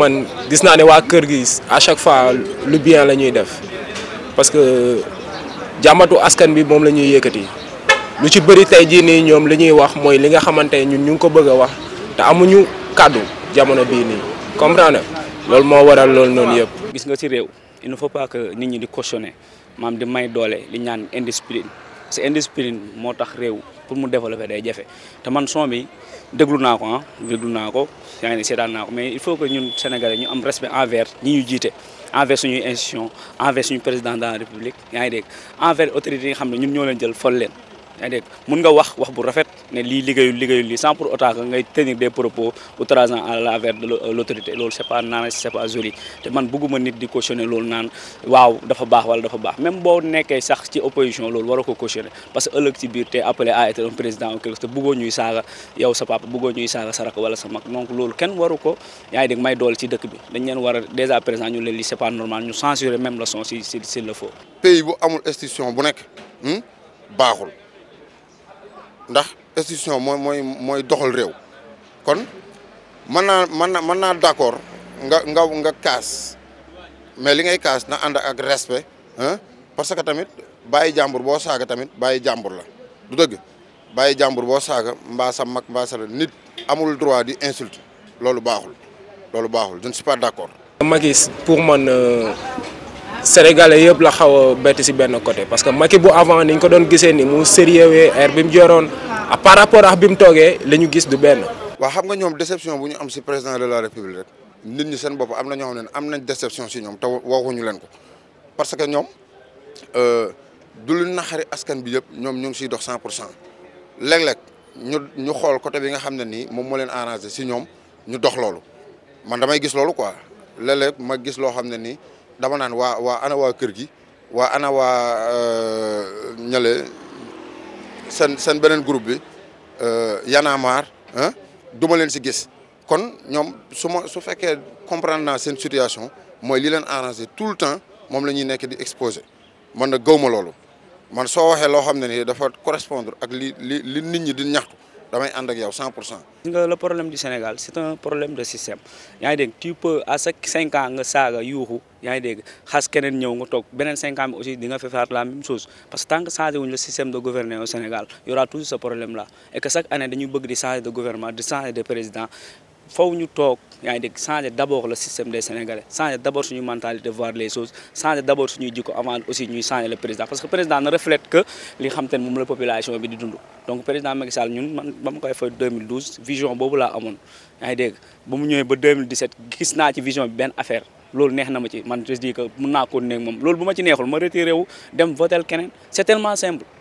man gis naa ne waa kër gi à chaque fois lu bien la ñuy def parce que jàmbatu askan bi moom la ñuy yëkkati lu ci bëri tey jii nii ñoom li ñuy wax mooy li nga xamante ñun ñu ngi ko bëgg a wax te amuñu kàddu jamono bii nii comprendre loolu moo waral loolu noonu yëpp. gis nga ci réew il ne faut pas que nit ñi di cautionné maam di may doole li ñaan indiscipline parce que indiscipline moo tax réew pour mu développer day jafe te man son bi déglu naa ko ah déglu naa ko yaa ngi ne seetaan naa mais il faut que ñun sénégalais ñu am respect envers ñi ñu jiite envers suñuy institution envers suñu président de la république yaa ngi dégg envers autorités yi nga xam ne ñun ñoo leen jël fol leen yaa ngi mun nga wax wax bu rafet ne lii liggéeyul liggéeyul lii sans pour autant que ngay tenir des propos outrageants à l'envers de l'autorité loolu c'est pas naan c'est pas joli te man bëgguma nit di cautionner loolu naan waaw dafa baax wala dafa baax même boo nekkee sax ci opposition loolu waroo ko cautionner parce que ëllëg si biir te appelé à être un président ou quelque te bëggoo ñuy saaga yow sa papa bëggoo ñuy saaga sa rak wala sa mag donc loolu kenn waru ko yaa dégg may dool bi dañ leen war a dèjà présent ñu leen lii ndax institution mooy mooy mooy doxal réew kon mën naa mën naa mën naa d'accord nga nga nga kaas mais li ngay kaas na ànd ak respect ah parce que tamit bàyyi jàmbur boo saaga tamit bàyyi jàmbur la du dëgg bàyyi jàmbur boo saaga mbaa sa mag mbaa nit amul droit di insulte loolu baaxul loolu baaxul je ne pas d'accord. Maguette pour man. Euh, sénégalais yépp la xaw a ci si benn côté parce que Macky bu avant niñ ko doon gisee ni mu sérieux air bi mu par rapport ak bi mu toogee la du benn. wa xam nga ñom déception bu ñu am si président de la république rek nit ñi seen bop am na ñoo am nañ déception si taw waxu ñu leen ko parce que euh du lu naxari askan bi yépp ñom ñu ci dox 100 pour cent ñu ñu xol côté bi nga xam arrangé si nyom ñu dox lolu man damay gis lolu quoi léeg-léeg ma gis lo xam dama naan waa waa ana waa kër gi waa ana waa euh, ñale seen seen beneen groupe bi euh, yanaamaar ah du leen si gis kon ñoom su ma su fekkee comprendre naa seen situation mooy li leen arrangé tout le temps moom la ñuy nekk di exposé man na gaw ma loolu man soo waxee loo xam ne ni dafa correspondre ak li li li nit ñi di ñaxtu damay ànd ak yow 100 pour cent. nga le problème du Sénégal c' un problème de système yaa ngi dégg tu peux à chaque cinq ans nga saaga yuuxu yaa ngi dégg xas keneen ñëw nga toog beneen cinq ans bi aussi di nga fi faire la même chose parce que tant que changé wuñ le système de gouverner Sénégal y toujours ce problème là et que chaque année dañuy bëgg di changer de gouvernement di changer de président. faw ñu toog yaa changer d'abord le système des sénégalais changer d'abord notre suñu mentalité de voir les choses changer d'abord abord suñuy avant aussi ñuy changer le président parce que le président ne reflète que li xam de la population bi di dund donc président Macky Sall ñun man ba ma koy fay 2012 vision boobu laa amoon yaa Bon dégg ba mu ba 2017 gis naa ci vision bi affaire loolu neex ma ci man je dis que mën na ko neex mom loolu buma ci neexul ma retiré wu dem voter kenen c'est tellement simple